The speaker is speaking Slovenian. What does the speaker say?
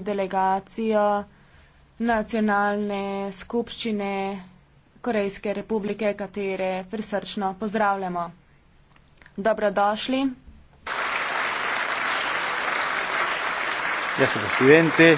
delegacijo nacionalne skupščine Korejske republike, katere prisrčno pozdravljamo. Dobrodošli. Gracias, presidente.